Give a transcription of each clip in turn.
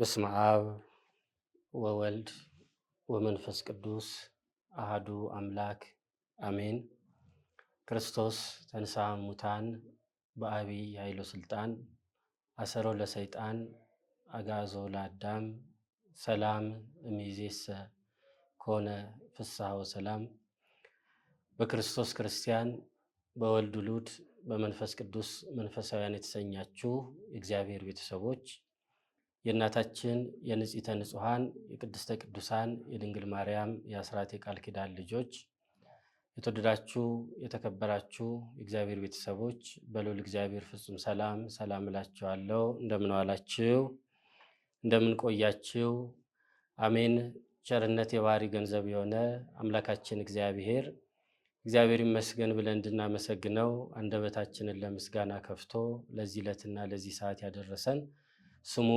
በስመ አብ ወወልድ ወመንፈስ ቅዱስ አህዱ አምላክ አሜን። ክርስቶስ ተንሥአ እሙታን በአቢይ ኃይሉ ስልጣን አሰሮ ለሰይጣን አግዓዞ ለአዳም ሰላም እምይእዜሰ ኮነ ፍስሐ ወሰላም። በክርስቶስ ክርስቲያን በወልድ ውሉድ በመንፈስ ቅዱስ መንፈሳውያን የተሰኛችሁ እግዚአብሔር ቤተሰቦች የእናታችን የንጽሕተ ንጹሐን የቅድስተ ቅዱሳን የድንግል ማርያም የአስራት የቃል ኪዳን ልጆች የተወደዳችሁ የተከበራችሁ የእግዚአብሔር ቤተሰቦች በልዑል እግዚአብሔር ፍጹም ሰላም ሰላም እላችኋለሁ። እንደምን ዋላችሁ? እንደምን ቆያችሁ? አሜን። ቸርነት የባህሪ ገንዘብ የሆነ አምላካችን እግዚአብሔር እግዚአብሔር ይመስገን ብለን እንድናመሰግነው አንደበታችንን ለምስጋና ከፍቶ ለዚህ ዕለትና ለዚህ ሰዓት ያደረሰን ስሙ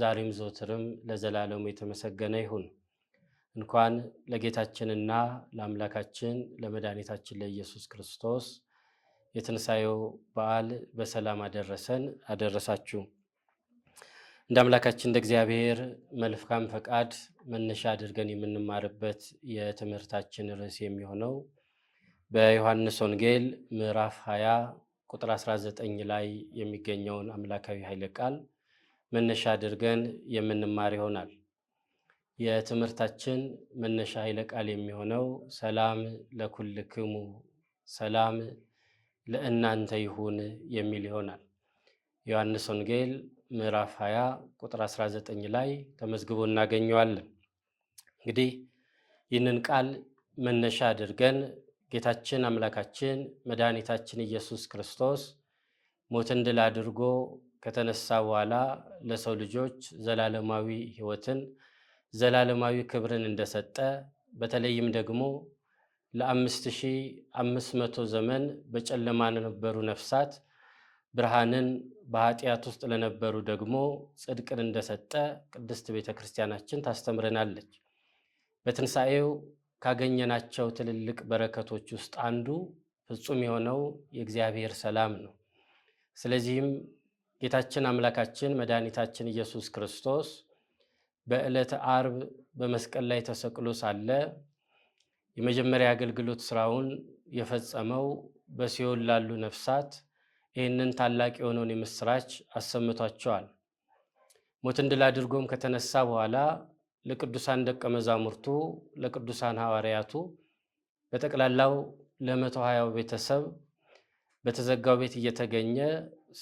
ዛሬም ዘወትርም ለዘላለሙ የተመሰገነ ይሁን። እንኳን ለጌታችንና ለአምላካችን ለመድኃኒታችን ለኢየሱስ ክርስቶስ የትንሣኤው በዓል በሰላም አደረሰን አደረሳችሁ። እንደ አምላካችን እንደ እግዚአብሔር መልካም ፈቃድ መነሻ አድርገን የምንማርበት የትምህርታችን ርዕስ የሚሆነው በዮሐንስ ወንጌል ምዕራፍ 20 ቁጥር 19 ላይ የሚገኘውን አምላካዊ ኃይለ ቃል መነሻ አድርገን የምንማር ይሆናል። የትምህርታችን መነሻ ኃይለ ቃል የሚሆነው ሰላም ለኩልክሙ ሰላም ለእናንተ ይሁን የሚል ይሆናል። ዮሐንስ ወንጌል ምዕራፍ 20 ቁጥር 19 ላይ ተመዝግቦ እናገኘዋለን። እንግዲህ ይህንን ቃል መነሻ አድርገን ጌታችን አምላካችን መድኃኒታችን ኢየሱስ ክርስቶስ ሞትን ድል አድርጎ ከተነሳ በኋላ ለሰው ልጆች ዘላለማዊ ህይወትን ዘላለማዊ ክብርን እንደሰጠ በተለይም ደግሞ ለአምስት ሺህ አምስት መቶ ዘመን በጨለማ ለነበሩ ነፍሳት ብርሃንን በኃጢአት ውስጥ ለነበሩ ደግሞ ጽድቅን እንደሰጠ ቅድስት ቤተ ክርስቲያናችን ታስተምረናለች። በትንሣኤው ካገኘናቸው ትልልቅ በረከቶች ውስጥ አንዱ ፍጹም የሆነው የእግዚአብሔር ሰላም ነው። ስለዚህም ጌታችን አምላካችን መድኃኒታችን ኢየሱስ ክርስቶስ በዕለተ ዓርብ በመስቀል ላይ ተሰቅሎ ሳለ የመጀመሪያ አገልግሎት ስራውን የፈጸመው በሲኦል ላሉ ነፍሳት ይህንን ታላቅ የሆነውን የምስራች አሰምቷቸዋል። ሞትን ድል አድርጎም ከተነሳ በኋላ ለቅዱሳን ደቀ መዛሙርቱ፣ ለቅዱሳን ሐዋርያቱ በጠቅላላው ለመቶ ሀያው ቤተሰብ በተዘጋው ቤት እየተገኘ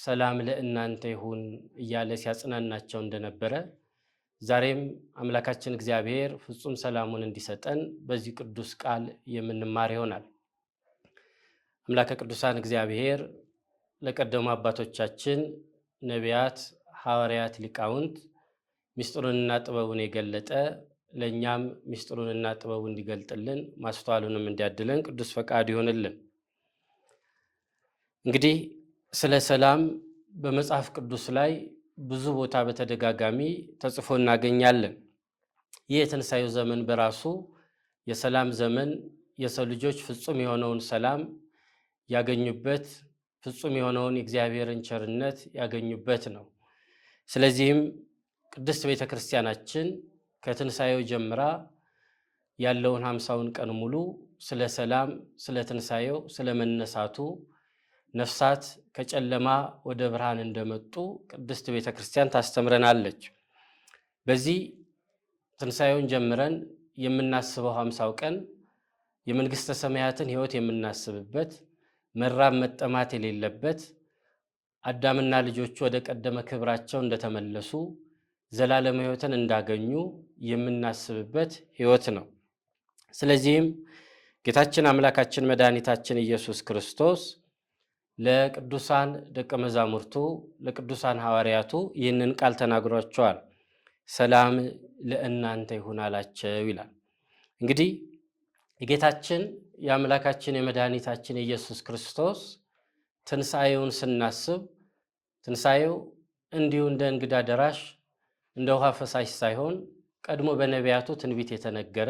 ሰላም ለእናንተ ይሁን እያለ ሲያጽናናቸው እንደነበረ ዛሬም አምላካችን እግዚአብሔር ፍጹም ሰላሙን እንዲሰጠን በዚህ ቅዱስ ቃል የምንማር ይሆናል። አምላከ ቅዱሳን እግዚአብሔር ለቀደሙ አባቶቻችን ነቢያት፣ ሐዋርያት፣ ሊቃውንት ምስጢሩንና ጥበቡን የገለጠ ለእኛም ምስጢሩንና ጥበቡን እንዲገልጥልን ማስተዋሉንም እንዲያድለን ቅዱስ ፈቃድ ይሆንልን። እንግዲህ ስለ ሰላም በመጽሐፍ ቅዱስ ላይ ብዙ ቦታ በተደጋጋሚ ተጽፎ እናገኛለን። ይህ የትንሣኤው ዘመን በራሱ የሰላም ዘመን የሰው ልጆች ፍጹም የሆነውን ሰላም ያገኙበት ፍጹም የሆነውን የእግዚአብሔርን ቸርነት ያገኙበት ነው። ስለዚህም ቅድስት ቤተ ክርስቲያናችን ከትንሣኤው ጀምራ ያለውን ሀምሳውን ቀን ሙሉ ስለ ሰላም፣ ስለ ትንሣኤው፣ ስለ መነሳቱ ነፍሳት ከጨለማ ወደ ብርሃን እንደመጡ ቅድስት ቤተ ክርስቲያን ታስተምረናለች። በዚህ ትንሣኤውን ጀምረን የምናስበው ሀምሳው ቀን የመንግሥተ ሰማያትን ሕይወት የምናስብበት መራብ መጠማት የሌለበት አዳምና ልጆቹ ወደ ቀደመ ክብራቸው እንደተመለሱ ዘላለም ሕይወትን እንዳገኙ የምናስብበት ሕይወት ነው። ስለዚህም ጌታችን አምላካችን መድኃኒታችን ኢየሱስ ክርስቶስ ለቅዱሳን ደቀ መዛሙርቱ ለቅዱሳን ሐዋርያቱ ይህንን ቃል ተናግሯቸዋል። ሰላም ለእናንተ ይሁን አላቸው ይላል። እንግዲህ የጌታችን የአምላካችን የመድኃኒታችን የኢየሱስ ክርስቶስ ትንሣኤውን ስናስብ ትንሣኤው እንዲሁ እንደ እንግዳ ደራሽ እንደ ውሃ ፈሳሽ ሳይሆን ቀድሞ በነቢያቱ ትንቢት የተነገረ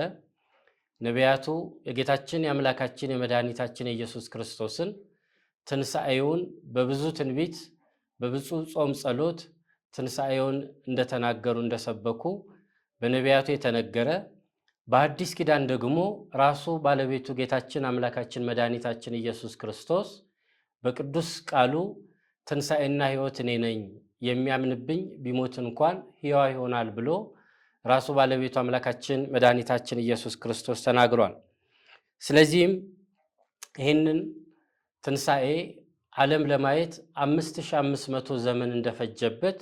ነቢያቱ የጌታችን የአምላካችን የመድኃኒታችን የኢየሱስ ክርስቶስን ትንሣኤውን በብዙ ትንቢት በብዙ ጾም ጸሎት ትንሣኤውን እንደተናገሩ እንደሰበኩ በነቢያቱ የተነገረ በአዲስ ኪዳን ደግሞ ራሱ ባለቤቱ ጌታችን አምላካችን መድኃኒታችን ኢየሱስ ክርስቶስ በቅዱስ ቃሉ ትንሣኤና ሕይወት እኔ ነኝ፣ የሚያምንብኝ ቢሞት እንኳን ሕያው ይሆናል ብሎ ራሱ ባለቤቱ አምላካችን መድኃኒታችን ኢየሱስ ክርስቶስ ተናግሯል። ስለዚህም ይህንን ትንሣኤ ዓለም ለማየት 5500 ዘመን እንደፈጀበት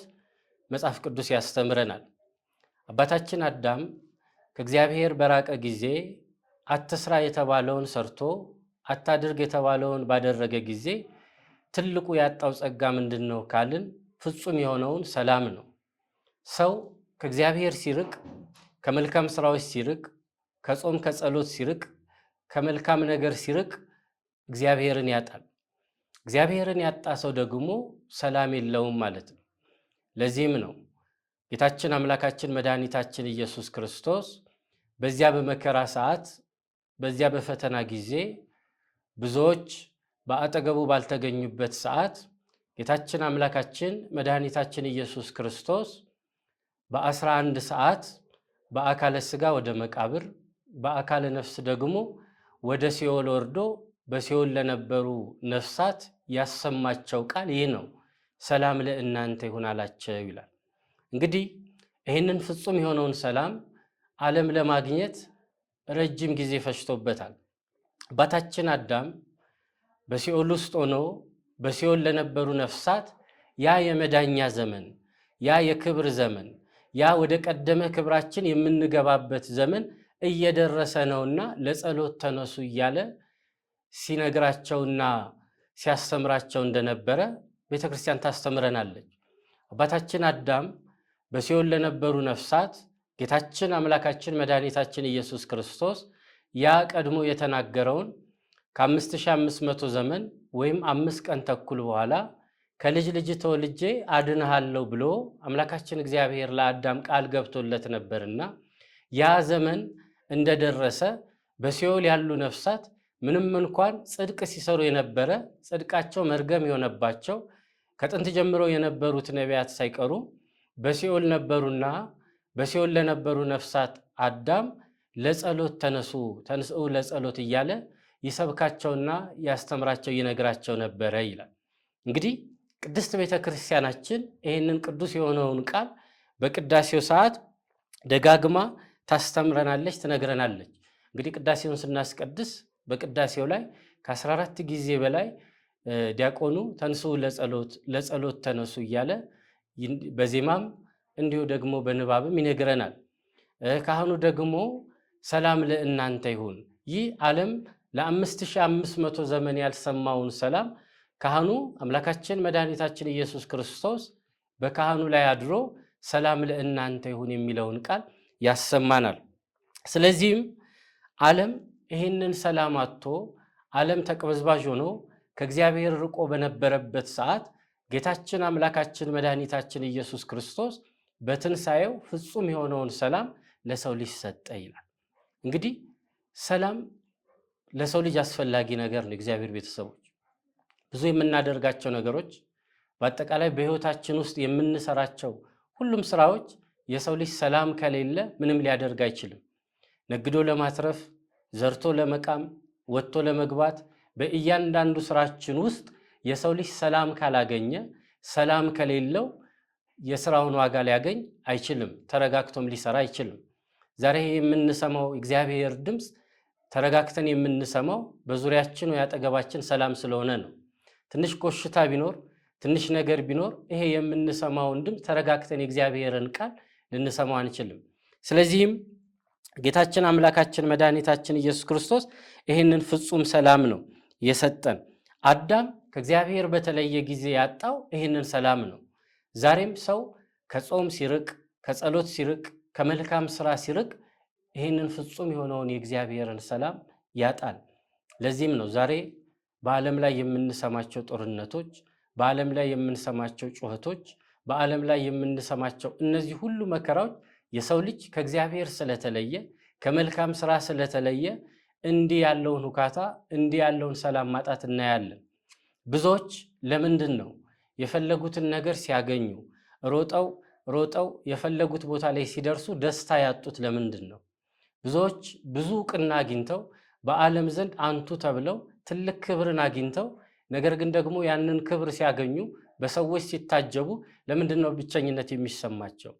መጽሐፍ ቅዱስ ያስተምረናል። አባታችን አዳም ከእግዚአብሔር በራቀ ጊዜ አትስራ የተባለውን ሰርቶ አታድርግ የተባለውን ባደረገ ጊዜ ትልቁ ያጣው ጸጋ ምንድን ነው ካልን ፍጹም የሆነውን ሰላም ነው። ሰው ከእግዚአብሔር ሲርቅ፣ ከመልካም ስራዎች ሲርቅ፣ ከጾም ከጸሎት ሲርቅ፣ ከመልካም ነገር ሲርቅ እግዚአብሔርን ያጣል። እግዚአብሔርን ያጣ ሰው ደግሞ ሰላም የለውም ማለት ነው። ለዚህም ነው ጌታችን አምላካችን መድኃኒታችን ኢየሱስ ክርስቶስ በዚያ በመከራ ሰዓት፣ በዚያ በፈተና ጊዜ ብዙዎች በአጠገቡ ባልተገኙበት ሰዓት ጌታችን አምላካችን መድኃኒታችን ኢየሱስ ክርስቶስ በአስራ አንድ ሰዓት በአካለ ሥጋ ወደ መቃብር በአካለ ነፍስ ደግሞ ወደ ሲኦል ወርዶ በሲኦል ለነበሩ ነፍሳት ያሰማቸው ቃል ይህ ነው፣ ሰላም ለእናንተ ይሁን አላቸው ይላል። እንግዲህ ይህንን ፍጹም የሆነውን ሰላም ዓለም ለማግኘት ረጅም ጊዜ ፈጅቶበታል። አባታችን አዳም በሲኦል ውስጥ ሆኖ በሲኦል ለነበሩ ነፍሳት ያ የመዳኛ ዘመን፣ ያ የክብር ዘመን፣ ያ ወደ ቀደመ ክብራችን የምንገባበት ዘመን እየደረሰ ነውና ለጸሎት ተነሱ እያለ ሲነግራቸውና ሲያስተምራቸው እንደነበረ ቤተ ክርስቲያን ታስተምረናለች። አባታችን አዳም በሲኦል ለነበሩ ነፍሳት ጌታችን አምላካችን መድኃኒታችን ኢየሱስ ክርስቶስ ያ ቀድሞ የተናገረውን ከ5500 ዘመን ወይም አምስት ቀን ተኩል በኋላ ከልጅ ልጅ ተወልጄ አድንሃለሁ ብሎ አምላካችን እግዚአብሔር ለአዳም ቃል ገብቶለት ነበርና ያ ዘመን እንደደረሰ በሲኦል ያሉ ነፍሳት ምንም እንኳን ጽድቅ ሲሰሩ የነበረ ጽድቃቸው መርገም የሆነባቸው ከጥንት ጀምሮ የነበሩት ነቢያት ሳይቀሩ በሲኦል ነበሩና በሲኦል ለነበሩ ነፍሳት አዳም ለጸሎት ተነሱ ተንስኡ ለጸሎት እያለ ይሰብካቸውና ያስተምራቸው ይነግራቸው ነበረ ይላል። እንግዲህ ቅድስት ቤተ ክርስቲያናችን ይህንን ቅዱስ የሆነውን ቃል በቅዳሴው ሰዓት ደጋግማ ታስተምረናለች፣ ትነግረናለች። እንግዲህ ቅዳሴውን ስናስቀድስ በቅዳሴው ላይ ከ14 ጊዜ በላይ ዲያቆኑ ተንሱ ለጸሎት ተነሱ እያለ በዜማም እንዲሁ ደግሞ በንባብም ይነግረናል። ካህኑ ደግሞ ሰላም ለእናንተ ይሁን። ይህ ዓለም ለ 5500 ዘመን ያልሰማውን ሰላም ካህኑ አምላካችን መድኃኒታችን ኢየሱስ ክርስቶስ በካህኑ ላይ አድሮ ሰላም ለእናንተ ይሁን የሚለውን ቃል ያሰማናል። ስለዚህም ዓለም ይህንን ሰላም አጥቶ ዓለም ተቅበዝባዥ ሆኖ ከእግዚአብሔር ርቆ በነበረበት ሰዓት ጌታችን አምላካችን መድኃኒታችን ኢየሱስ ክርስቶስ በትንሣኤው ፍጹም የሆነውን ሰላም ለሰው ልጅ ሰጠ ይላል። እንግዲህ ሰላም ለሰው ልጅ አስፈላጊ ነገር ነው። እግዚአብሔር ቤተሰቦች ብዙ የምናደርጋቸው ነገሮች፣ በአጠቃላይ በሕይወታችን ውስጥ የምንሰራቸው ሁሉም ስራዎች የሰው ልጅ ሰላም ከሌለ ምንም ሊያደርግ አይችልም። ነግዶ ለማትረፍ ዘርቶ ለመቃም ወጥቶ ለመግባት በእያንዳንዱ ስራችን ውስጥ የሰው ልጅ ሰላም ካላገኘ ሰላም ከሌለው የስራውን ዋጋ ሊያገኝ አይችልም። ተረጋግቶም ሊሰራ አይችልም። ዛሬ የምንሰማው እግዚአብሔር ድምፅ ተረጋግተን የምንሰማው በዙሪያችን ወይ አጠገባችን ሰላም ስለሆነ ነው። ትንሽ ኮሽታ ቢኖር ትንሽ ነገር ቢኖር ይሄ የምንሰማውን ድምፅ ተረጋግተን የእግዚአብሔርን ቃል ልንሰማው አንችልም። ስለዚህም ጌታችን አምላካችን መድኃኒታችን ኢየሱስ ክርስቶስ ይህንን ፍጹም ሰላም ነው የሰጠን። አዳም ከእግዚአብሔር በተለየ ጊዜ ያጣው ይህንን ሰላም ነው። ዛሬም ሰው ከጾም ሲርቅ፣ ከጸሎት ሲርቅ፣ ከመልካም ስራ ሲርቅ ይህንን ፍጹም የሆነውን የእግዚአብሔርን ሰላም ያጣል። ለዚህም ነው ዛሬ በዓለም ላይ የምንሰማቸው ጦርነቶች፣ በዓለም ላይ የምንሰማቸው ጩኸቶች፣ በዓለም ላይ የምንሰማቸው እነዚህ ሁሉ መከራዎች የሰው ልጅ ከእግዚአብሔር ስለተለየ ከመልካም ስራ ስለተለየ እንዲህ ያለውን ሁካታ እንዲህ ያለውን ሰላም ማጣት እናያለን። ብዙዎች ለምንድን ነው የፈለጉትን ነገር ሲያገኙ ሮጠው ሮጠው የፈለጉት ቦታ ላይ ሲደርሱ ደስታ ያጡት ለምንድን ነው? ብዙዎች ብዙ እውቅና አግኝተው በዓለም ዘንድ አንቱ ተብለው ትልቅ ክብርን አግኝተው ነገር ግን ደግሞ ያንን ክብር ሲያገኙ በሰዎች ሲታጀቡ ለምንድን ነው ብቸኝነት የሚሰማቸው?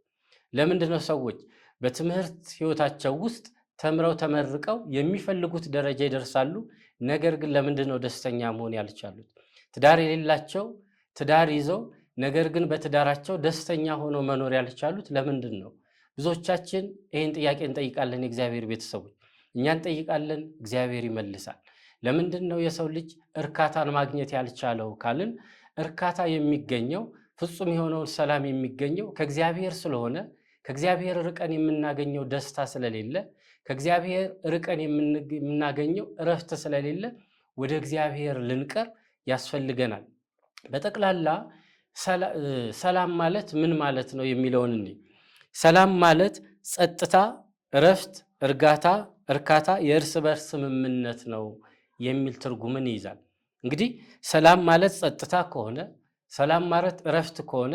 ለምንድን ነው ሰዎች በትምህርት ህይወታቸው ውስጥ ተምረው ተመርቀው የሚፈልጉት ደረጃ ይደርሳሉ። ነገር ግን ለምንድን ነው ደስተኛ መሆን ያልቻሉት? ትዳር የሌላቸው ትዳር ይዘው ነገር ግን በትዳራቸው ደስተኛ ሆነው መኖር ያልቻሉት ለምንድን ነው? ብዙዎቻችን ይህን ጥያቄ እንጠይቃለን። የእግዚአብሔር ቤተሰቦች እኛ እንጠይቃለን፣ እግዚአብሔር ይመልሳል። ለምንድን ነው የሰው ልጅ እርካታን ማግኘት ያልቻለው ካልን እርካታ የሚገኘው ፍጹም የሆነውን ሰላም የሚገኘው ከእግዚአብሔር ስለሆነ ከእግዚአብሔር ርቀን የምናገኘው ደስታ ስለሌለ፣ ከእግዚአብሔር ርቀን የምናገኘው እረፍት ስለሌለ ወደ እግዚአብሔር ልንቀር ያስፈልገናል። በጠቅላላ ሰላም ማለት ምን ማለት ነው የሚለውን እኔ ሰላም ማለት ጸጥታ፣ እረፍት፣ እርጋታ፣ እርካታ፣ የእርስ በርስ ስምምነት ነው የሚል ትርጉምን ይይዛል። እንግዲህ ሰላም ማለት ጸጥታ ከሆነ ሰላም ማለት እረፍት ከሆነ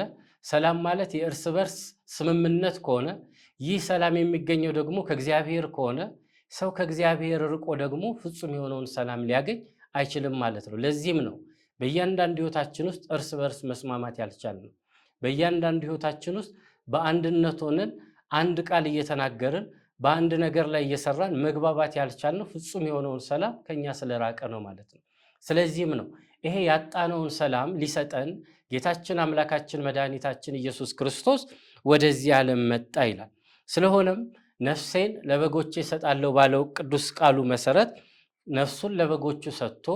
ሰላም ማለት የእርስ በርስ ስምምነት ከሆነ ይህ ሰላም የሚገኘው ደግሞ ከእግዚአብሔር ከሆነ ሰው ከእግዚአብሔር ርቆ ደግሞ ፍጹም የሆነውን ሰላም ሊያገኝ አይችልም ማለት ነው። ለዚህም ነው በእያንዳንዱ ህይወታችን ውስጥ እርስ በርስ መስማማት ያልቻልነው። በእያንዳንዱ ህይወታችን ውስጥ በአንድነት ሆነን አንድ ቃል እየተናገርን በአንድ ነገር ላይ እየሰራን መግባባት ያልቻልነው ፍጹም የሆነውን ሰላም ከኛ ስለራቀ ነው ማለት ነው። ስለዚህም ነው ይሄ ያጣነውን ሰላም ሊሰጠን ጌታችን አምላካችን መድኃኒታችን ኢየሱስ ክርስቶስ ወደዚህ ዓለም መጣ ይላል። ስለሆነም ነፍሴን ለበጎቼ እሰጣለሁ ባለው ቅዱስ ቃሉ መሰረት ነፍሱን ለበጎቹ ሰጥቶ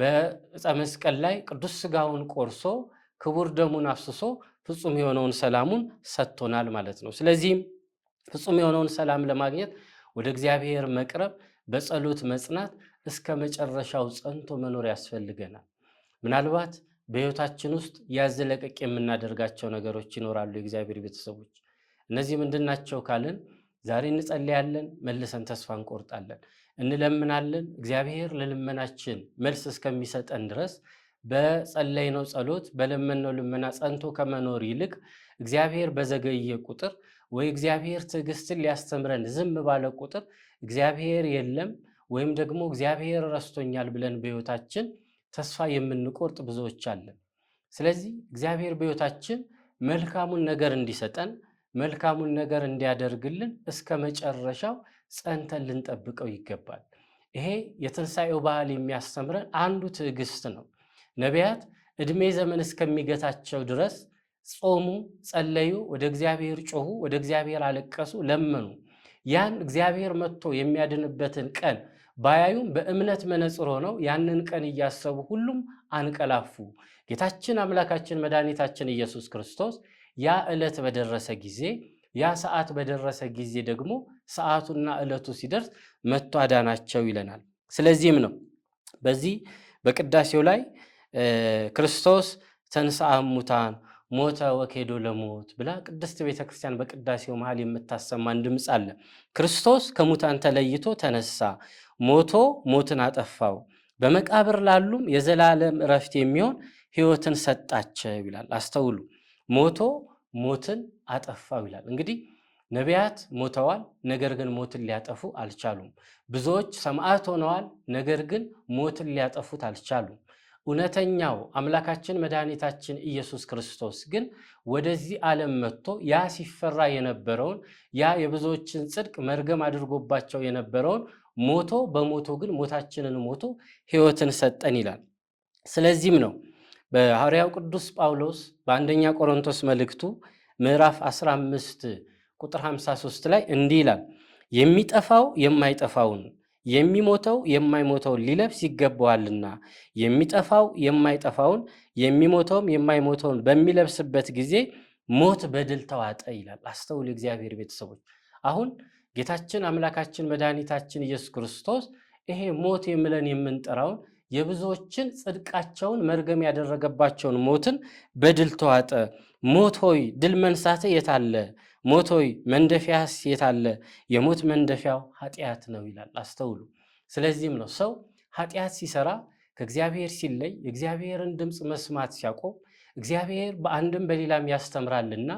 በዕፀ መስቀል ላይ ቅዱስ ስጋውን ቆርሶ ክቡር ደሙን አፍስሶ ፍጹም የሆነውን ሰላሙን ሰጥቶናል ማለት ነው። ስለዚህም ፍጹም የሆነውን ሰላም ለማግኘት ወደ እግዚአብሔር መቅረብ፣ በጸሎት መጽናት፣ እስከ መጨረሻው ጸንቶ መኖር ያስፈልገናል ምናልባት በህይወታችን ውስጥ ያዘለቀቅ የምናደርጋቸው ነገሮች ይኖራሉ። የእግዚአብሔር ቤተሰቦች እነዚህ ምንድን ናቸው ካልን ዛሬ እንጸልያለን፣ መልሰን ተስፋ እንቆርጣለን፣ እንለምናለን። እግዚአብሔር ለልመናችን መልስ እስከሚሰጠን ድረስ በጸለይነው ጸሎት በለመንነው ልመና ጸንቶ ከመኖር ይልቅ እግዚአብሔር በዘገየ ቁጥር ወይ እግዚአብሔር ትዕግስትን ሊያስተምረን ዝም ባለ ቁጥር እግዚአብሔር የለም ወይም ደግሞ እግዚአብሔር ረስቶኛል ብለን በህይወታችን ተስፋ የምንቆርጥ ብዙዎች አለን። ስለዚህ እግዚአብሔር በሕይወታችን መልካሙን ነገር እንዲሰጠን መልካሙን ነገር እንዲያደርግልን እስከ መጨረሻው ጸንተን ልንጠብቀው ይገባል። ይሄ የትንሣኤው ባህል የሚያስተምረን አንዱ ትዕግስት ነው። ነቢያት ዕድሜ ዘመን እስከሚገታቸው ድረስ ጾሙ፣ ጸለዩ፣ ወደ እግዚአብሔር ጮኹ፣ ወደ እግዚአብሔር አለቀሱ፣ ለመኑ። ያን እግዚአብሔር መጥቶ የሚያድንበትን ቀን ባያዩም በእምነት መነጽር ሆነው ያንን ቀን እያሰቡ ሁሉም አንቀላፉ። ጌታችን አምላካችን መድኃኒታችን ኢየሱስ ክርስቶስ ያ ዕለት በደረሰ ጊዜ ያ ሰዓት በደረሰ ጊዜ ደግሞ ሰዓቱና ዕለቱ ሲደርስ መጥቶ አዳናቸው ይለናል። ስለዚህም ነው በዚህ በቅዳሴው ላይ ክርስቶስ ተንሥአ እሙታን ሞተ ወኬዶ ለሞት ብላ ቅድስት ቤተክርስቲያን በቅዳሴው መሃል የምታሰማን ድምፅ አለ። ክርስቶስ ከሙታን ተለይቶ ተነሳ ሞቶ ሞትን አጠፋው በመቃብር ላሉም የዘላለም እረፍት የሚሆን ህይወትን ሰጣቸው ይላል። አስተውሉ። ሞቶ ሞትን አጠፋው ይላል። እንግዲህ ነቢያት ሞተዋል፣ ነገር ግን ሞትን ሊያጠፉ አልቻሉም። ብዙዎች ሰማዕት ሆነዋል፣ ነገር ግን ሞትን ሊያጠፉት አልቻሉም። እውነተኛው አምላካችን መድኃኒታችን ኢየሱስ ክርስቶስ ግን ወደዚህ ዓለም መጥቶ ያ ሲፈራ የነበረውን ያ የብዙዎችን ጽድቅ መርገም አድርጎባቸው የነበረውን ሞቶ በሞቶ ግን ሞታችንን ሞቶ ህይወትን ሰጠን ይላል። ስለዚህም ነው በሐዋርያው ቅዱስ ጳውሎስ በአንደኛ ቆሮንቶስ መልእክቱ ምዕራፍ 15 ቁጥር 53 ላይ እንዲህ ይላል፣ የሚጠፋው የማይጠፋውን የሚሞተው የማይሞተውን ሊለብስ ይገባዋልና የሚጠፋው የማይጠፋውን የሚሞተውም የማይሞተውን በሚለብስበት ጊዜ ሞት በድል ተዋጠ ይላል። አስተውል እግዚአብሔር ቤተሰቦች አሁን ጌታችን አምላካችን መድኃኒታችን ኢየሱስ ክርስቶስ ይሄ ሞት የምለን የምንጠራውን የብዙዎችን ጽድቃቸውን መርገም ያደረገባቸውን ሞትን በድል ተዋጠ። ሞት ሆይ ድል መንሳት የታለ? ሞት ሆይ መንደፊያስ የታለ? የሞት መንደፊያው ኃጢአት ነው ይላል። አስተውሉ። ስለዚህም ነው ሰው ኃጢአት ሲሰራ ከእግዚአብሔር ሲለይ የእግዚአብሔርን ድምፅ መስማት ሲያቆም እግዚአብሔር በአንድም በሌላም ያስተምራልና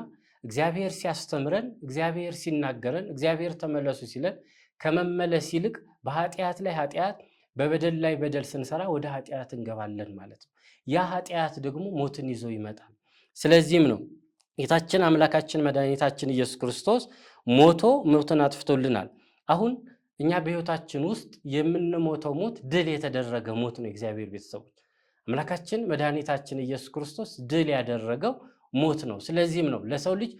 እግዚአብሔር ሲያስተምረን፣ እግዚአብሔር ሲናገረን፣ እግዚአብሔር ተመለሱ ሲለን ከመመለስ ይልቅ በኃጢአት ላይ ኃጢአት በበደል ላይ በደል ስንሰራ ወደ ኃጢአት እንገባለን ማለት ነው። ያ ኃጢአት ደግሞ ሞትን ይዞ ይመጣል። ስለዚህም ነው ጌታችን አምላካችን መድኃኒታችን ኢየሱስ ክርስቶስ ሞቶ ሞትን አጥፍቶልናል። አሁን እኛ በሕይወታችን ውስጥ የምንሞተው ሞት ድል የተደረገ ሞት ነው። እግዚአብሔር ቤተሰቦች አምላካችን መድኃኒታችን ኢየሱስ ክርስቶስ ድል ያደረገው ሞት ነው። ስለዚህም ነው ለሰው ልጅ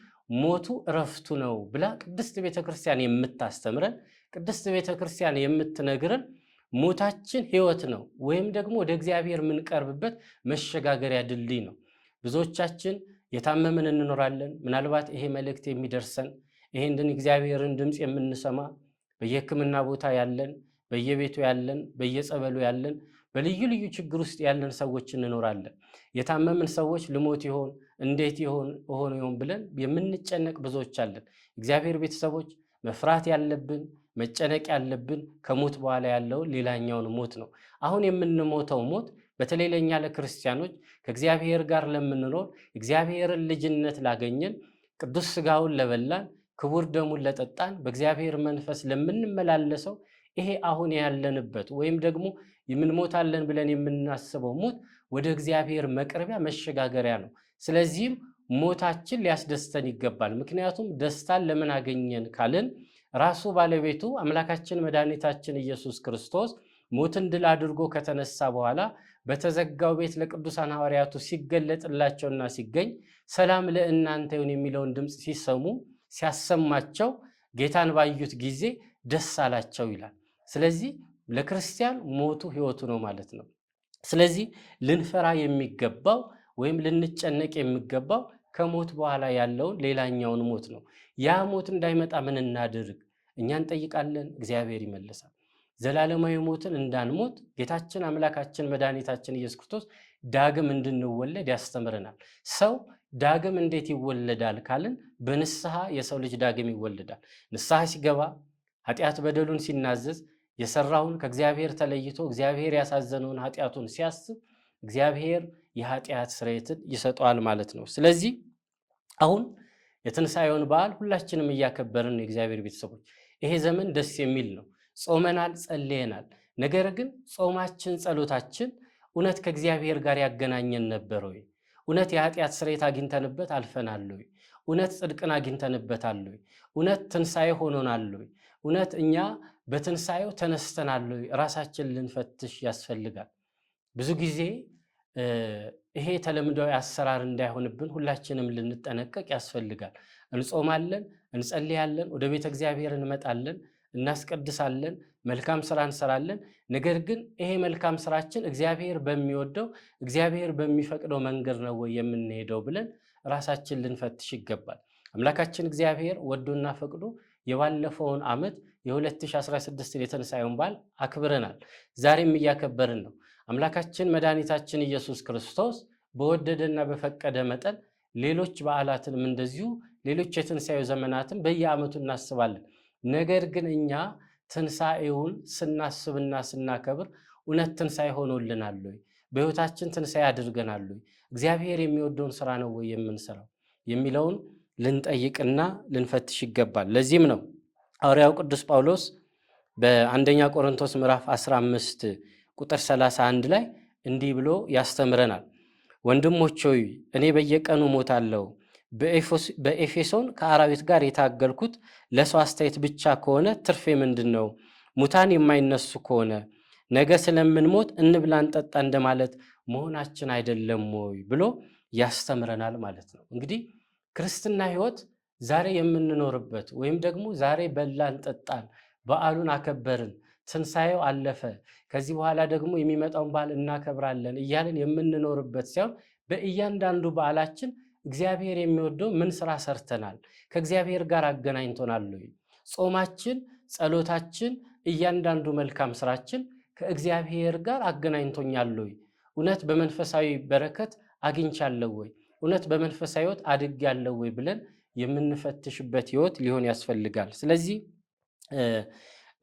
ሞቱ እረፍቱ ነው ብላ ቅድስት ቤተክርስቲያን የምታስተምረን ቅድስት ቤተክርስቲያን የምትነግረን ሞታችን ህይወት ነው ወይም ደግሞ ወደ እግዚአብሔር የምንቀርብበት መሸጋገሪያ ድልድይ ነው። ብዙዎቻችን የታመምን እንኖራለን። ምናልባት ይሄ መልእክት የሚደርሰን ይሄንን እግዚአብሔርን ድምፅ የምንሰማ በየህክምና ቦታ ያለን፣ በየቤቱ ያለን፣ በየጸበሉ ያለን፣ በልዩ ልዩ ችግር ውስጥ ያለን ሰዎች እንኖራለን። የታመምን ሰዎች ልሞት ይሆን እንዴት ሆኖ ይሆን ብለን የምንጨነቅ ብዙዎች አለን። እግዚአብሔር ቤተሰቦች መፍራት ያለብን መጨነቅ ያለብን ከሞት በኋላ ያለው ሌላኛውን ሞት ነው። አሁን የምንሞተው ሞት በተለይ ለእኛ ለክርስቲያኖች ከእግዚአብሔር ጋር ለምንኖር እግዚአብሔርን ልጅነት ላገኘን ቅዱስ ስጋውን ለበላን ክቡር ደሙን ለጠጣን በእግዚአብሔር መንፈስ ለምንመላለሰው ይሄ አሁን ያለንበት ወይም ደግሞ የምንሞታለን ብለን የምናስበው ሞት ወደ እግዚአብሔር መቅረቢያ መሸጋገሪያ ነው። ስለዚህም ሞታችን ሊያስደስተን ይገባል። ምክንያቱም ደስታን ለምን አገኘን ካልን ራሱ ባለቤቱ አምላካችን መድኃኒታችን ኢየሱስ ክርስቶስ ሞትን ድል አድርጎ ከተነሳ በኋላ በተዘጋው ቤት ለቅዱሳን ሐዋርያቱ ሲገለጥላቸውና ሲገኝ ሰላም ለእናንተ ይሁን የሚለውን ድምፅ ሲሰሙ ሲያሰማቸው ጌታን ባዩት ጊዜ ደስ አላቸው ይላል። ስለዚህ ለክርስቲያን ሞቱ ሕይወቱ ነው ማለት ነው። ስለዚህ ልንፈራ የሚገባው ወይም ልንጨነቅ የሚገባው ከሞት በኋላ ያለውን ሌላኛውን ሞት ነው። ያ ሞት እንዳይመጣ ምን እናድርግ? እኛ እንጠይቃለን፣ እግዚአብሔር ይመልሳል። ዘላለማዊ ሞትን እንዳንሞት ጌታችን አምላካችን መድኃኒታችን ኢየሱስ ክርስቶስ ዳግም እንድንወለድ ያስተምረናል። ሰው ዳግም እንዴት ይወለዳል ካልን በንስሐ የሰው ልጅ ዳግም ይወለዳል። ንስሐ ሲገባ ኃጢአት በደሉን ሲናዘዝ የሰራውን ከእግዚአብሔር ተለይቶ እግዚአብሔር ያሳዘነውን ኃጢአቱን ሲያስብ እግዚአብሔር የኃጢአት ስርየትን ይሰጠዋል ማለት ነው። ስለዚህ አሁን የትንሣኤውን በዓል ሁላችንም እያከበርን የእግዚአብሔር ቤተሰቦች ይሄ ዘመን ደስ የሚል ነው። ጾመናል፣ ጸልየናል። ነገር ግን ጾማችን፣ ጸሎታችን እውነት ከእግዚአብሔር ጋር ያገናኘን ነበር ወይ? እውነት የኃጢአት ስርየት አግኝተንበት አልፈናል ወይ? እውነት ጽድቅን አግኝተንበታል ወይ? እውነት ትንሣኤ ሆኖናል ወይ? እውነት እኛ በትንሣኤው ተነስተናል ወይ? ራሳችን ልንፈትሽ ያስፈልጋል ብዙ ጊዜ ይሄ ተለምዳዊ አሰራር እንዳይሆንብን ሁላችንም ልንጠነቀቅ ያስፈልጋል። እንጾማለን፣ እንጸልያለን፣ ወደ ቤተ እግዚአብሔር እንመጣለን፣ እናስቀድሳለን፣ መልካም ስራ እንሰራለን። ነገር ግን ይሄ መልካም ስራችን እግዚአብሔር በሚወደው እግዚአብሔር በሚፈቅደው መንገድ ነው ወይ የምንሄደው ብለን ራሳችን ልንፈትሽ ይገባል። አምላካችን እግዚአብሔር ወዶና ፈቅዶ የባለፈውን ዓመት የ2016 የተንሳዩን በዓል አክብረናል። ዛሬም እያከበርን ነው። አምላካችን መድኃኒታችን ኢየሱስ ክርስቶስ በወደደና በፈቀደ መጠን ሌሎች በዓላትንም እንደዚሁ ሌሎች የትንሣኤ ዘመናትን በየዓመቱ እናስባለን። ነገር ግን እኛ ትንሣኤውን ስናስብና ስናከብር እውነት ትንሣኤ ሆኖልናል ወይ? በሕይወታችን ትንሣኤ አድርገናል ወይ? እግዚአብሔር የሚወደውን ስራ ነው ወይ የምንሰራው የሚለውን ልንጠይቅና ልንፈትሽ ይገባል። ለዚህም ነው ሐዋርያው ቅዱስ ጳውሎስ በአንደኛ ቆሮንቶስ ምዕራፍ 15 ቁጥር 31 ላይ እንዲህ ብሎ ያስተምረናል። ወንድሞች ሆይ እኔ በየቀኑ ሞታለሁ። በኤፌሶን ከአራዊት ጋር የታገልኩት ለሰው አስተያየት ብቻ ከሆነ ትርፌ ምንድን ነው? ሙታን የማይነሱ ከሆነ ነገ ስለምንሞት እንብላ እንጠጣ እንደማለት መሆናችን አይደለም ወይ ብሎ ያስተምረናል ማለት ነው። እንግዲህ ክርስትና ህይወት ዛሬ የምንኖርበት ወይም ደግሞ ዛሬ በላን ጠጣን፣ በዓሉን አከበርን ትንሣኤው አለፈ፣ ከዚህ በኋላ ደግሞ የሚመጣውን በዓል እናከብራለን እያለን የምንኖርበት ሳይሆን በእያንዳንዱ በዓላችን እግዚአብሔር የሚወደው ምን ስራ ሰርተናል፣ ከእግዚአብሔር ጋር አገናኝቶናል። ጾማችን፣ ጸሎታችን፣ እያንዳንዱ መልካም ስራችን ከእግዚአብሔር ጋር አገናኝቶኛል ወይ? እውነት በመንፈሳዊ በረከት አግኝቻለሁ ወይ? እውነት በመንፈሳዊ ሕይወት አድጌያለሁ ወይ? ብለን የምንፈትሽበት ሕይወት ሊሆን ያስፈልጋል። ስለዚህ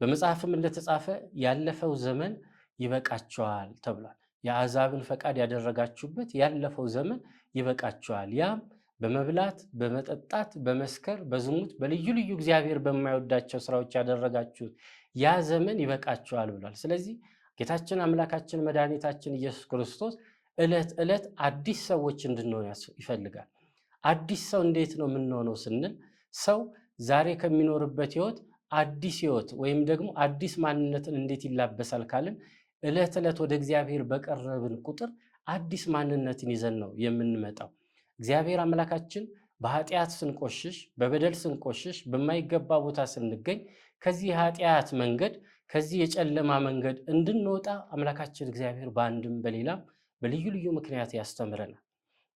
በመጽሐፍም እንደተጻፈ ያለፈው ዘመን ይበቃቸዋል ተብሏል። የአሕዛብን ፈቃድ ያደረጋችሁበት ያለፈው ዘመን ይበቃቸዋል። ያም በመብላት፣ በመጠጣት፣ በመስከር፣ በዝሙት፣ በልዩ ልዩ እግዚአብሔር በማይወዳቸው ስራዎች ያደረጋችሁት ያ ዘመን ይበቃቸዋል ብሏል። ስለዚህ ጌታችን አምላካችን መድኃኒታችን ኢየሱስ ክርስቶስ ዕለት ዕለት አዲስ ሰዎች እንድንሆን ይፈልጋል። አዲስ ሰው እንዴት ነው የምንሆነው ስንል ሰው ዛሬ ከሚኖርበት ህይወት አዲስ ህይወት ወይም ደግሞ አዲስ ማንነትን እንዴት ይላበሳል ካልን እለት ዕለት ወደ እግዚአብሔር በቀረብን ቁጥር አዲስ ማንነትን ይዘን ነው የምንመጣው። እግዚአብሔር አምላካችን በኃጢአት ስንቆሽሽ፣ በበደል ስንቆሽሽ፣ በማይገባ ቦታ ስንገኝ ከዚህ የኃጢአት መንገድ ከዚህ የጨለማ መንገድ እንድንወጣ አምላካችን እግዚአብሔር በአንድም በሌላም በልዩ ልዩ ምክንያት ያስተምረናል።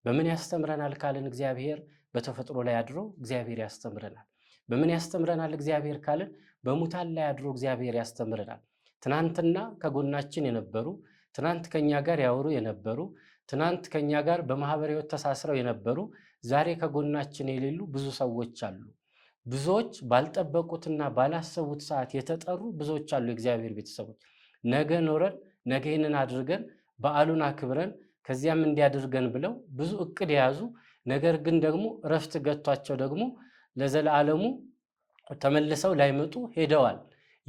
በምን ያስተምረናል ካልን እግዚአብሔር በተፈጥሮ ላይ አድሮ እግዚአብሔር ያስተምረናል። በምን ያስተምረናል እግዚአብሔር ካልን በሙታን ላይ አድሮ እግዚአብሔር ያስተምረናል። ትናንትና ከጎናችን የነበሩ ትናንት ከኛ ጋር ያወሩ የነበሩ ትናንት ከኛ ጋር በማህበር ተሳስረው የነበሩ ዛሬ ከጎናችን የሌሉ ብዙ ሰዎች አሉ። ብዙዎች ባልጠበቁትና ባላሰቡት ሰዓት የተጠሩ ብዙዎች አሉ። የእግዚአብሔር ቤተሰቦች ነገ ኖረን ነገ ይህንን አድርገን በዓሉን አክብረን ከዚያም እንዲያደርገን ብለው ብዙ እቅድ የያዙ ነገር ግን ደግሞ እረፍት ገጥቷቸው ደግሞ ለዘለዓለሙ ተመልሰው ላይመጡ ሄደዋል።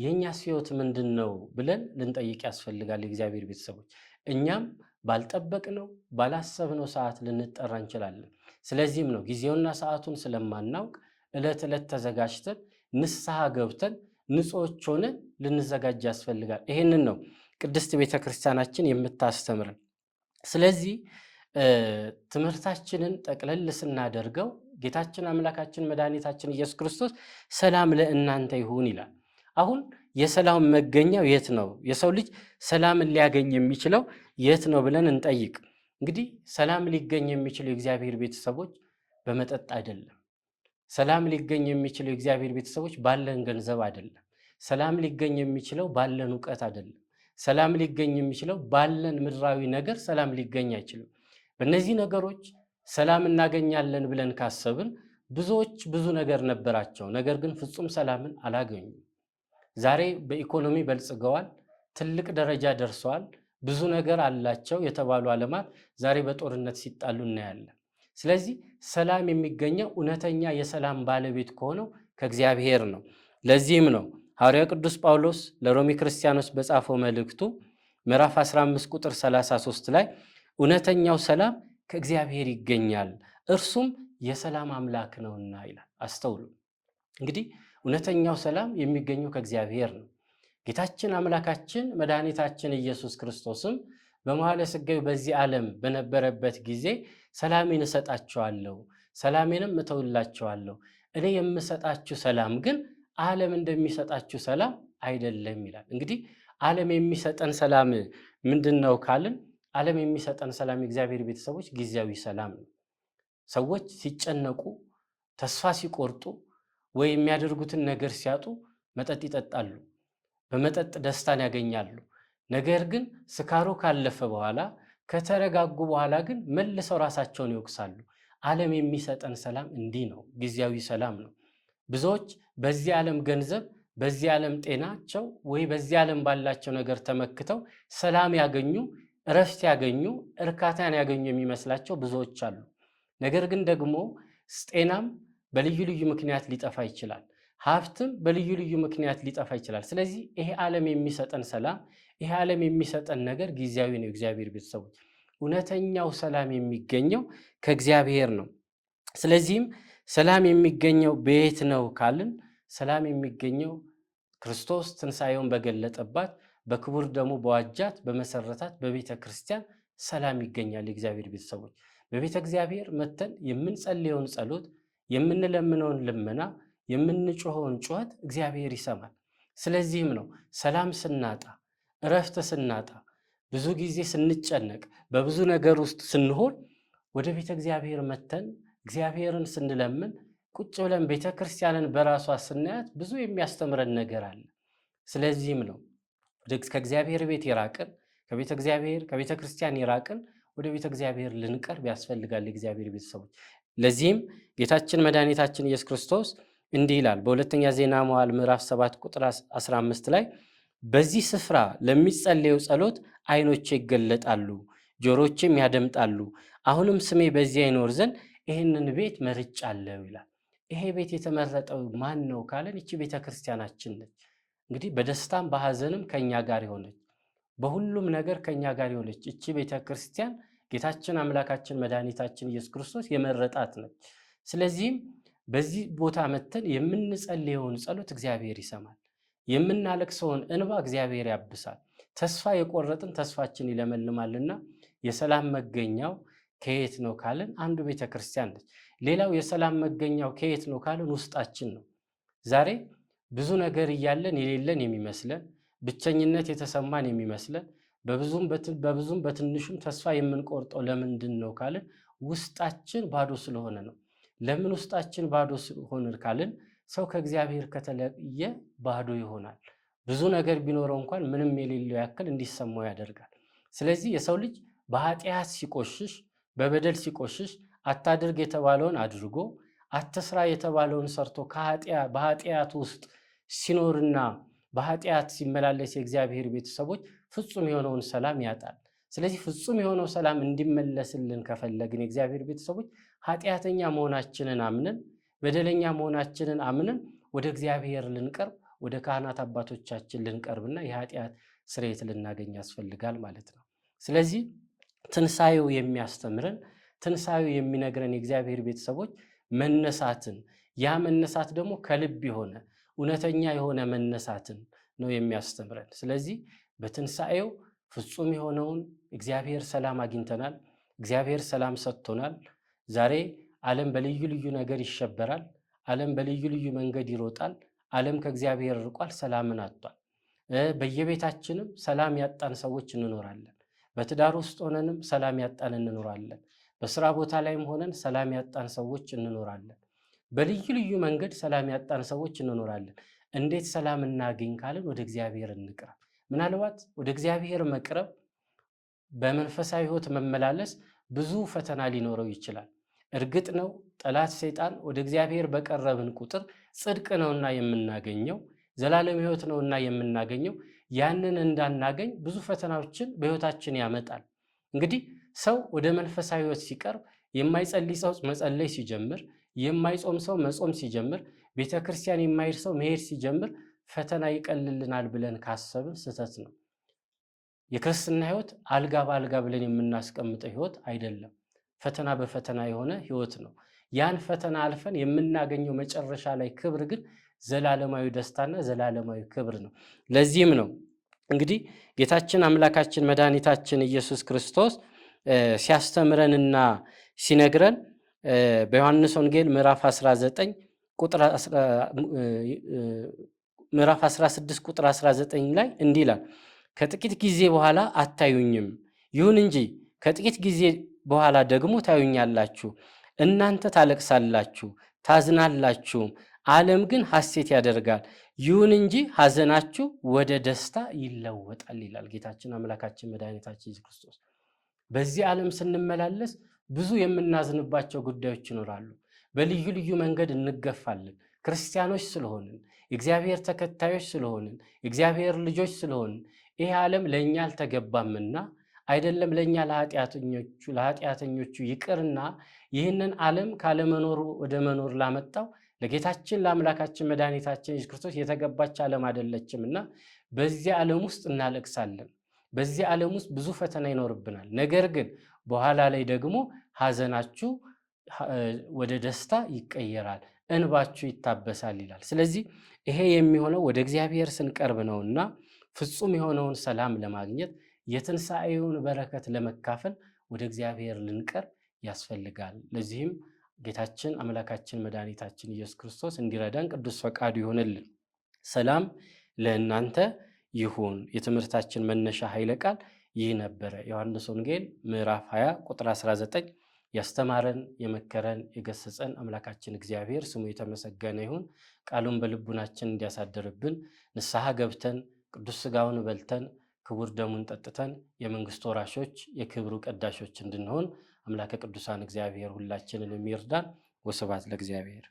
የእኛስ ሕይወት ምንድን ነው ብለን ልንጠይቅ ያስፈልጋል። የእግዚአብሔር ቤተሰቦች እኛም ባልጠበቅነው ባላሰብነው ሰዓት ልንጠራ እንችላለን። ስለዚህም ነው ጊዜውና ሰዓቱን ስለማናውቅ ዕለት ዕለት ተዘጋጅተን ንስሐ ገብተን ንጹዎች ሆነን ልንዘጋጅ ያስፈልጋል። ይህንን ነው ቅድስት ቤተ ክርስቲያናችን የምታስተምረን። ስለዚህ ትምህርታችንን ጠቅለል ስናደርገው ጌታችን አምላካችን መድኃኒታችን ኢየሱስ ክርስቶስ ሰላም ለእናንተ ይሁን ይላል። አሁን የሰላም መገኛው የት ነው? የሰው ልጅ ሰላምን ሊያገኝ የሚችለው የት ነው ብለን እንጠይቅ። እንግዲህ ሰላም ሊገኝ የሚችለው የእግዚአብሔር ቤተሰቦች በመጠጥ አይደለም። ሰላም ሊገኝ የሚችለው የእግዚአብሔር ቤተሰቦች ባለን ገንዘብ አይደለም። ሰላም ሊገኝ የሚችለው ባለን እውቀት አይደለም። ሰላም ሊገኝ የሚችለው ባለን ምድራዊ ነገር ሰላም ሊገኝ አይችልም። በእነዚህ ነገሮች ሰላም እናገኛለን ብለን ካሰብን ብዙዎች ብዙ ነገር ነበራቸው፣ ነገር ግን ፍጹም ሰላምን አላገኙም። ዛሬ በኢኮኖሚ በልጽገዋል፣ ትልቅ ደረጃ ደርሰዋል፣ ብዙ ነገር አላቸው የተባሉ ዓለማት ዛሬ በጦርነት ሲጣሉ እናያለን። ስለዚህ ሰላም የሚገኘው እውነተኛ የሰላም ባለቤት ከሆነው ከእግዚአብሔር ነው። ለዚህም ነው ሐዋርያ ቅዱስ ጳውሎስ ለሮሚ ክርስቲያኖች በጻፈው መልእክቱ ምዕራፍ 15 ቁጥር 33 ላይ እውነተኛው ሰላም ከእግዚአብሔር ይገኛል እርሱም የሰላም አምላክ ነውና ይላል። አስተውሉ እንግዲህ እውነተኛው ሰላም የሚገኘው ከእግዚአብሔር ነው። ጌታችን አምላካችን መድኃኒታችን ኢየሱስ ክርስቶስም በመዋዕለ ሥጋዌ በዚህ ዓለም በነበረበት ጊዜ ሰላሜን እሰጣችኋለሁ፣ ሰላሜንም እተውላችኋለሁ፣ እኔ የምሰጣችሁ ሰላም ግን ዓለም እንደሚሰጣችሁ ሰላም አይደለም ይላል። እንግዲህ ዓለም የሚሰጠን ሰላም ምንድን ነው ካልን ዓለም የሚሰጠን ሰላም የእግዚአብሔር ቤተሰቦች ጊዜያዊ ሰላም ነው። ሰዎች ሲጨነቁ፣ ተስፋ ሲቆርጡ፣ ወይ የሚያደርጉትን ነገር ሲያጡ መጠጥ ይጠጣሉ። በመጠጥ ደስታን ያገኛሉ። ነገር ግን ስካሩ ካለፈ በኋላ ከተረጋጉ በኋላ ግን መልሰው ራሳቸውን ይወቅሳሉ። ዓለም የሚሰጠን ሰላም እንዲህ ነው፣ ጊዜያዊ ሰላም ነው። ብዙዎች በዚህ ዓለም ገንዘብ፣ በዚህ ዓለም ጤናቸው ወይ በዚህ ዓለም ባላቸው ነገር ተመክተው ሰላም ያገኙ እረፍት ያገኙ እርካታን ያገኙ የሚመስላቸው ብዙዎች አሉ። ነገር ግን ደግሞ ጤናም በልዩ ልዩ ምክንያት ሊጠፋ ይችላል። ሀብትም በልዩ ልዩ ምክንያት ሊጠፋ ይችላል። ስለዚህ ይሄ ዓለም የሚሰጠን ሰላም፣ ይሄ ዓለም የሚሰጠን ነገር ጊዜያዊ ነው። እግዚአብሔር ቤተሰቦች፣ እውነተኛው ሰላም የሚገኘው ከእግዚአብሔር ነው። ስለዚህም ሰላም የሚገኘው በየት ነው ካልን፣ ሰላም የሚገኘው ክርስቶስ ትንሣኤውን በገለጠባት በክቡር ደግሞ በዋጃት በመሰረታት በቤተ ክርስቲያን ሰላም ይገኛል። የእግዚአብሔር ቤተሰቦች በቤተ እግዚአብሔር መተን የምንጸልየውን ጸሎት፣ የምንለምነውን ልመና፣ የምንጮኸውን ጩኸት እግዚአብሔር ይሰማል። ስለዚህም ነው ሰላም ስናጣ፣ እረፍት ስናጣ፣ ብዙ ጊዜ ስንጨነቅ፣ በብዙ ነገር ውስጥ ስንሆን ወደ ቤተ እግዚአብሔር መተን እግዚአብሔርን ስንለምን ቁጭ ብለን ቤተ ክርስቲያንን በራሷ ስናያት ብዙ የሚያስተምረን ነገር አለ። ስለዚህም ነው ከእግዚአብሔር ቤት የራቅን ከቤተ እግዚአብሔር ከቤተ ክርስቲያን የራቅን ወደ ቤተ እግዚአብሔር ልንቀርብ ያስፈልጋል፣ የእግዚአብሔር ቤተሰቦች። ለዚህም ጌታችን መድኃኒታችን ኢየሱስ ክርስቶስ እንዲህ ይላል በሁለተኛ ዜና መዋዕል ምዕራፍ 7 ቁጥር 15 ላይ በዚህ ስፍራ ለሚጸለየው ጸሎት ዓይኖቼ ይገለጣሉ፣ ጆሮቼም ያደምጣሉ። አሁንም ስሜ በዚህ አይኖር ዘንድ ይህንን ቤት መርጫለሁ ይላል። ይሄ ቤት የተመረጠው ማን ነው ካለን፣ ይቺ ቤተ ክርስቲያናችን ነች። እንግዲህ በደስታም በሐዘንም ከእኛ ጋር የሆነች በሁሉም ነገር ከእኛ ጋር የሆነች እቺ ቤተ ክርስቲያን ጌታችን አምላካችን መድኃኒታችን ኢየሱስ ክርስቶስ የመረጣት ነች። ስለዚህም በዚህ ቦታ መተን የምንጸልየውን ጸሎት እግዚአብሔር ይሰማል። የምናለቅሰውን እንባ እግዚአብሔር ያብሳል። ተስፋ የቆረጥን ተስፋችን ይለመልማልና የሰላም መገኛው ከየት ነው ካልን አንዱ ቤተ ክርስቲያን ነች። ሌላው የሰላም መገኛው ከየት ነው ካልን ውስጣችን ነው ዛሬ ብዙ ነገር እያለን የሌለን የሚመስለን ብቸኝነት የተሰማን የሚመስለን በብዙም በትንሹም ተስፋ የምንቆርጠው ለምንድን ነው ካልን ውስጣችን ባዶ ስለሆነ ነው። ለምን ውስጣችን ባዶ ስለሆነ ካልን ሰው ከእግዚአብሔር ከተለየ ባዶ ይሆናል። ብዙ ነገር ቢኖረው እንኳን ምንም የሌለው ያክል እንዲሰማው ያደርጋል። ስለዚህ የሰው ልጅ በኃጢአት ሲቆሽሽ፣ በበደል ሲቆሽሽ አታድርግ የተባለውን አድርጎ አትስራ የተባለውን ሰርቶ በኃጢአቱ ውስጥ ሲኖርና በኃጢአት ሲመላለስ የእግዚአብሔር ቤተሰቦች ፍጹም የሆነውን ሰላም ያጣል። ስለዚህ ፍጹም የሆነው ሰላም እንዲመለስልን ከፈለግን የእግዚአብሔር ቤተሰቦች ኃጢአተኛ መሆናችንን አምነን በደለኛ መሆናችንን አምነን ወደ እግዚአብሔር ልንቀርብ ወደ ካህናት አባቶቻችን ልንቀርብና የኃጢአት ስርየት ልናገኝ ያስፈልጋል ማለት ነው። ስለዚህ ትንሣኤው የሚያስተምረን ትንሣኤው የሚነግረን የእግዚአብሔር ቤተሰቦች መነሳትን ያ መነሳት ደግሞ ከልብ የሆነ እውነተኛ የሆነ መነሳትን ነው የሚያስተምረን። ስለዚህ በትንሣኤው ፍጹም የሆነውን እግዚአብሔር ሰላም አግኝተናል። እግዚአብሔር ሰላም ሰጥቶናል። ዛሬ ዓለም በልዩ ልዩ ነገር ይሸበራል። ዓለም በልዩ ልዩ መንገድ ይሮጣል። ዓለም ከእግዚአብሔር ርቋል፣ ሰላምን አጥቷል። በየቤታችንም ሰላም ያጣን ሰዎች እንኖራለን። በትዳር ውስጥ ሆነንም ሰላም ያጣን እንኖራለን። በስራ ቦታ ላይም ሆነን ሰላም ያጣን ሰዎች እንኖራለን። በልዩ ልዩ መንገድ ሰላም ያጣን ሰዎች እንኖራለን። እንዴት ሰላም እናገኝ ካልን ወደ እግዚአብሔር እንቅረብ። ምናልባት ወደ እግዚአብሔር መቅረብ፣ በመንፈሳዊ ሕይወት መመላለስ ብዙ ፈተና ሊኖረው ይችላል። እርግጥ ነው ጠላት ሰይጣን ወደ እግዚአብሔር በቀረብን ቁጥር ጽድቅ ነውና የምናገኘው ዘላለም ሕይወት ነውና የምናገኘው ያንን እንዳናገኝ ብዙ ፈተናዎችን በሕይወታችን ያመጣል። እንግዲህ ሰው ወደ መንፈሳዊ ሕይወት ሲቀርብ የማይጸልይ ሰው መጸለይ ሲጀምር የማይጾም ሰው መጾም ሲጀምር፣ ቤተ ክርስቲያን የማይሄድ ሰው መሄድ ሲጀምር ፈተና ይቀልልናል ብለን ካሰብን ስህተት ነው። የክርስትና ህይወት አልጋ በአልጋ ብለን የምናስቀምጠው ህይወት አይደለም። ፈተና በፈተና የሆነ ህይወት ነው። ያን ፈተና አልፈን የምናገኘው መጨረሻ ላይ ክብር ግን ዘላለማዊ ደስታና ዘላለማዊ ክብር ነው። ለዚህም ነው እንግዲህ ጌታችን አምላካችን መድኃኒታችን ኢየሱስ ክርስቶስ ሲያስተምረንና ሲነግረን በዮሐንስ ወንጌል ምዕራፍ 19 ቁጥር ምዕራፍ 16 ቁጥር 19 ላይ እንዲህ ይላል፣ ከጥቂት ጊዜ በኋላ አታዩኝም፣ ይሁን እንጂ ከጥቂት ጊዜ በኋላ ደግሞ ታዩኛላችሁ። እናንተ ታለቅሳላችሁ፣ ታዝናላችሁም፣ ዓለም ግን ሐሴት ያደርጋል። ይሁን እንጂ ሐዘናችሁ ወደ ደስታ ይለወጣል ይላል ጌታችን አምላካችን መድኃኒታችን ኢየሱስ ክርስቶስ። በዚህ ዓለም ስንመላለስ ብዙ የምናዝንባቸው ጉዳዮች ይኖራሉ። በልዩ ልዩ መንገድ እንገፋለን። ክርስቲያኖች ስለሆንን እግዚአብሔር ተከታዮች ስለሆንን እግዚአብሔር ልጆች ስለሆንን ይህ ዓለም ለእኛ አልተገባምና አይደለም ለእኛ ለኃጢአተኞቹ ይቅርና ይህንን ዓለም ካለመኖር ወደ መኖር ላመጣው ለጌታችን ለአምላካችን መድኃኒታችን ኢየሱስ ክርስቶስ የተገባች ዓለም እና በዚህ ዓለም ውስጥ እናለቅሳለን። በዚህ ዓለም ውስጥ ብዙ ፈተና ይኖርብናል። ነገር ግን በኋላ ላይ ደግሞ ሐዘናችሁ ወደ ደስታ ይቀየራል፣ እንባችሁ ይታበሳል ይላል። ስለዚህ ይሄ የሚሆነው ወደ እግዚአብሔር ስንቀርብ ነውና ፍጹም የሆነውን ሰላም ለማግኘት የትንሣኤውን በረከት ለመካፈል ወደ እግዚአብሔር ልንቀርብ ያስፈልጋል። ለዚህም ጌታችን አምላካችን መድኃኒታችን ኢየሱስ ክርስቶስ እንዲረዳን ቅዱስ ፈቃዱ ይሆንልን። ሰላም ለእናንተ ይሁን። የትምህርታችን መነሻ ኃይለ ቃል ይህ ነበረ። ዮሐንስ ወንጌል ምዕራፍ 20 ቁጥር 19 ያስተማረን የመከረን የገሰጸን አምላካችን እግዚአብሔር ስሙ የተመሰገነ ይሁን። ቃሉን በልቡናችን እንዲያሳድርብን ንስሐ ገብተን ቅዱስ ስጋውን በልተን ክቡር ደሙን ጠጥተን የመንግስት ወራሾች የክብሩ ቀዳሾች እንድንሆን አምላከ ቅዱሳን እግዚአብሔር ሁላችንን የሚርዳን። ወስብሐት ለእግዚአብሔር።